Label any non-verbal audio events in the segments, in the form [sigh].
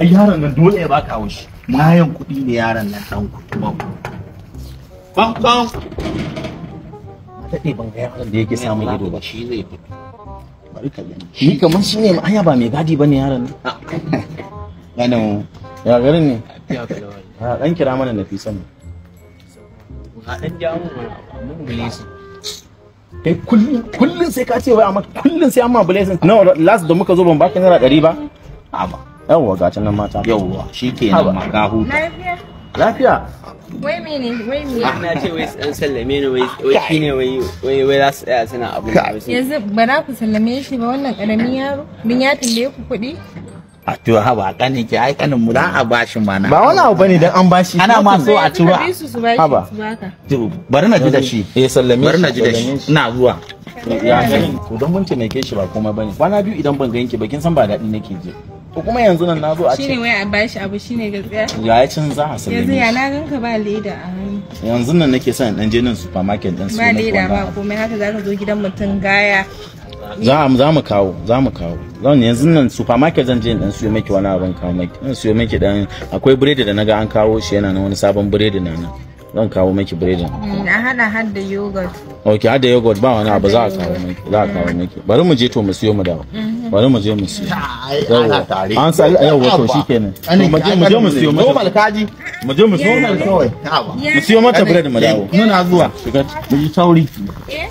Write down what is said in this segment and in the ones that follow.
ai yaron nan dole ya baka shi mayan kuɗi ne yaron nan ɗan kutumau ban ban daɗe ban ga yaron da yake samun ido ba shi zai fito bari ka gani ni kamar shi ne aya ba mai gadi bane yaron nan [laughs] gano ya garin ne a ah, ɗan kira mana na fi sama a ɗan jamu mun bilisi kai kullum kullum sai ka ce wai amma kullum sai amma bilisi no last da muka zo ban baka naira ɗari ba a ba yawwa ga nan mata yawwa nan ma ga huta lafiya wai mene wai me ah, na ce wai an sallame ni wai wai ne wai wai wai za su tsaya suna abu yanzu ba na ku sallame shi ba wannan karamin yaro din ya tambaye ku kuɗi a to ha ba kani ke ai kanin mu da a bashi mana ba wani abu bane dan an bashi ana ma so a tura ha ba bari na ji da shi eh sallame bari na ji da shi ina zuwa ya gani to don mun taimake shi ba komai bane kwana biyu idan ban ganki ba kin san ba daɗi nake je kuma yanzu nan nazo a ce shine wai a bashi abu shine gaskiya ya cin za a sallame yanzu ya na ganka ba leda a hannu yanzu nan nake son dan je nan supermarket din su ba leda ba komai haka zaka zo gidan mutum gaya za mu za mu kawo za mu kawo zan yanzu nan supermarket zan je dan siyo miki wani abin kawo miki zan siyo miki dan akwai biredi da naga an kawo shi yana nan wani sabon biredi na nan zan kawo miki biredi. na mm, hada da yogurt ok hada yogurt ba wani abu za a kawo miki za a kawo miki bari mu je to mu siyo mu dawo mm. bari mu je mu siyo ana an sai yau wato shikenan mu je mu je mu siyo mata normal kaji mu je mu siyo mata kawai mu siyo mata bread mu dawo muna zuwa shiga mu yi tauri eh,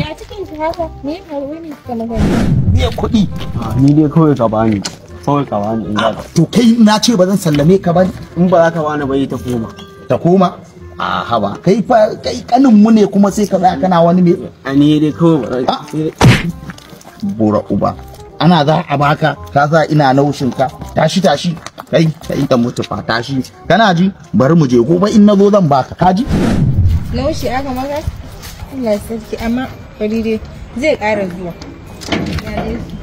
ya cikin ki haka me faruwa ne ka magana ni kuɗi ah, ni dai kawai ka bani kawai ka bani in ga to kai na ce ba zan sallame ka ba in ba za ka bani ba ta koma ta koma a ah, haba kai fa kai kanin mu ne kuma sai ka za kana wani mai a ni dai kawai ah. bura uba ana za a baka ka sa ina naushin ka tashi tashi kai kai ita mutu fa tashi kana ji bari mu je gobe in nazo zan baka ka ji naushi aka maka Allah sarki amma bari dai zai ƙara zuwa